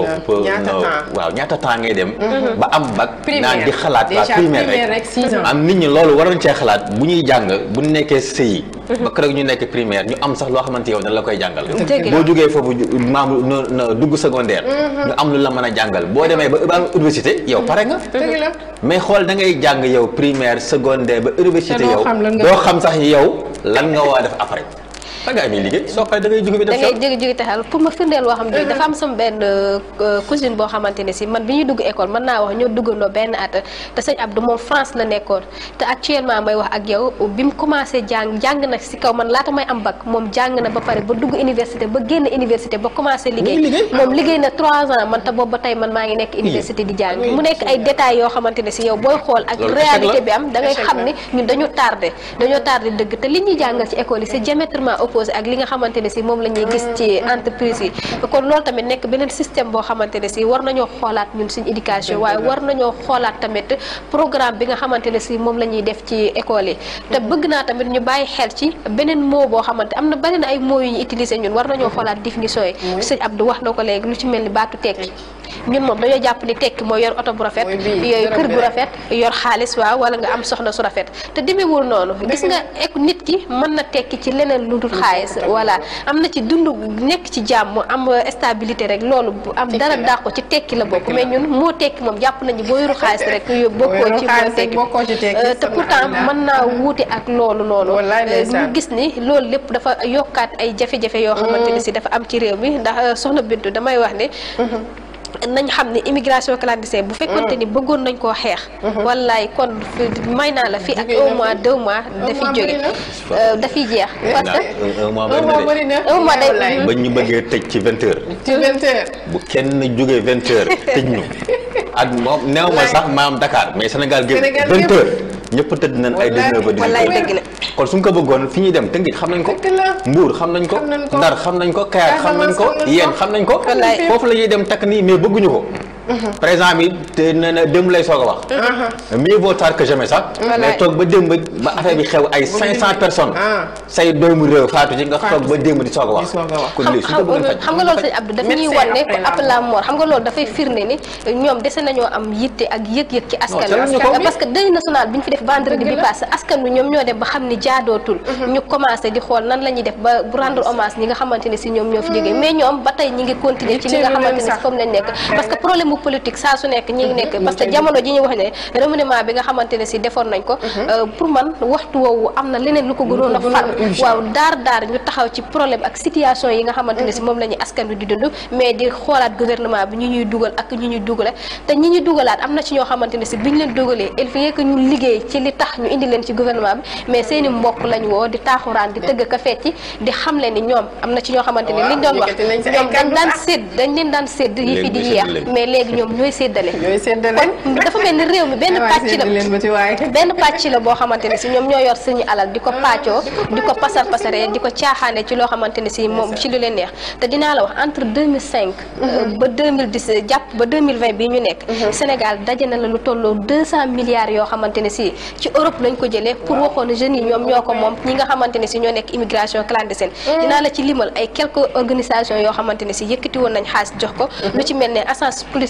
foofu euh, waaw ñaata temps ngay dem mhm. ba am bac naan di xalaat waa primaire rek am nit ñi loolu waroon cee xalaat bu ñuy jàng bu ñu nekkee sëyi mhm. ba keroog ñu nekk primaire ñu am sax loo xamante yow dana la koy jàngal boo jógee foofu maam na dugg secondaire mhm. am lu la mën a jàngal boo demee ba ba am université yow pare nga mais xool da ngay jàng yow primaire secondaire ba université yow doo xam sax yow lan nga waa def après sagaay mi liggéey soo xëy da jóge jóge jóge taxal pour ma firndeel loo ne dafa am sama benn euh, cousine boo xamante ne si man bi ñuy dugg école mën naa wax ñoo duggandoo benn at te sëñ Abdou moom France la nekkoon te yow bi mu commencé jàng jàng na si kaw man laata may am bac moom jàng na ba pare ba dugg université génn université ba commencé liggéey moom liggéey na trois ans man te boobu ba tey man maa ngi nekk université di jàng mu nekk ay détails yoo xamante ne si yow booy xool ak réalité bi am da xam ne ñun dañu tardé dañoo tardé dëgg te li ñuy jàngal ci école yi c'est diamétralement proposé ak li nga xamante ne si moom lañuy gis ci entreprise yi kon loolu tamit nekk beneen système boo xamante ne si war nañoo xoolaat ñun suñu éducation waaye war nañoo xoolaat tamit programme bi nga xamante ne si moom la ñuy def ci école yi te bëgg naa tamit ñu bàyyi xel ci beneen mot boo xamante am na bari na ay mots yu ñu utiliser ñun war nañoo xoolaat définition yi sëñ Abdou wax na ko léegi lu ci mel ni baatu tekki ñun moom dañoo jàpp ni tekki mooy yor oto bu rafet kër gu rafet yor xaalis waa wala nga am soxna su rafet te demeewul noonu gis nga ek nit ki mën na tekki ci leneen lu dul xaalis voilà am na ci dund nekk ci jàmm am stabilité rek loolu am dara dàq ci tekki la bokk mais moo tekki moom jàpp nañu boo yoru xaalis rek bokkoo ci moo tekki euh, te pourtant mën naa wuute ak loolu noonu euh, ñu gis ni loolu lépp dafa yokkaat ay jafe-jafe yoo xamante ni mm. si dafa am ci réew mi ndax euh, soxna Bintu damay wax ni mm-hmm. nañ xam ne immigration clandestine bu fekkante ni bëggoon nañ koo xeex uh-huh. wallaay kon may naa la fii ak un mois deux mois dafiy jóge euh, dafiy jeex eh, ba ñu bëggee tëj ci vingt heures ci vingt bu kenn jógee vingt tëj ñu ak moom neew ma sax maam Dakar mais Sénégal gépp vingt ñëpp tëdd nañ ay 19 ba 18 kon suñ ko bëggoon fi ñuy dem Tëngéej xam nañ ko Mbuur xam nañ ko Ndar xam nañ ko Kayaar xam nañ ko yéen xam nañ ko foofu la ñuy dem takk nii mais bëgguñu ko Mhm. présent bi te lay soog a wax. Mhm. mieux vaut que jamais sax. mais toog ba démb ba affaire bi xew ay 500 personnes. Ah. say doomu réew faatu ci nga toog ba démb di soog wax. xam nga loolu sëñ Abdou dafay firnde ni ñoom dese nañoo am yitte ak yëg-yëg ci askan parce que deuil national bi ñu fi def vendredi bi passé askan ñoom ñoo dem ba xam ni jaadootul. Mhm. ñu commencé di xool nan la def ba rendre hommage ñi nga xamante si ñoom ñoo fi jógee mais ñoom politique saa su nekk ñi nekk mm-hmm. parce que mm-hmm. jamono ji ñu wax ne remaniement bi nga xamante si defoon nañ ko mm-hmm. euh, pour man waxtu woowu am na leneen lu ko gënoon a far waaw daar daar ñu taxaw ci problème ak situation yi nga xamante ne si moom la ñuy askan bi di dund mais di xoolaat gouvernement bi ñu ñuy dugal ak ñu ñuy dugale te ñi ñu dugalaat am na ci ñoo xamante ne si bi ñu leen dugalee il faut que ñu liggéey ci li tax ñu indi leen ci gouvernement bi mais seeni mbokk lañ woo di taaxuraan di tëgg ka fecci di xam leen ni ñoom am na ci ñoo xamante ne liñ doon wax dañ leen daan sédd yi bi ñoom ñooy séddale ñooy séddale kon dafa mel ni réew mi benn pàcc la benn pàcc la boo xamante si ñoom ñoo yor suñu alal di ko pàccoo di ko pasar pasaree di ko caaxaane ci loo xamante si moom ci lu leen neex te dinaa la wax entre 2005 mhm. mhm. Europe lañ ko jëlee pour waxoon jeunes ñoom ñoo ko moom ñi nga xamante si ñoo nekk immigration clandestine mhm. dinaa la ci limal ay quelques organisations yoo xamante si yëkkati woon nañ xaalis jox ko lu ci mel ne assance plus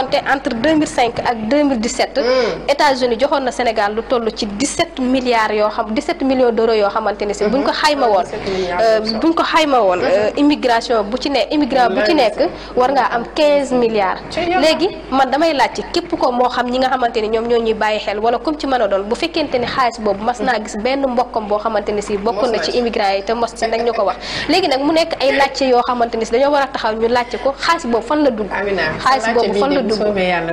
compter entre 2005 ak 2017. Mm. États-Unis joxoon na Sénégal lu toll ci 17 milliards yoo xam 17 millions d'euros yoo xamante ne si. buñ ko mm-hmm. xayma woon euh, buñ ko xayma woon. Euh, mm-hmm. immigration bu ci ne immigrant bu ci nekk mm-hmm. war ngaa am 15 milliards. léegi man damay laajte képp ko moo xam ñi nga xamante ni ñoom ñoo ñuy bàyyi xel wala comme ci mën a doon bu fekkente ni xaalis boobu mas naa gis benn mbokkam boo xamante ne si bokk na ci immigrant yi te mos ci ñu ko wax léegi nag mu nekk ay laajte yoo xamante ne dañoo war a taxaw ñu laajte ko xaalis boobu fan la dugg dugg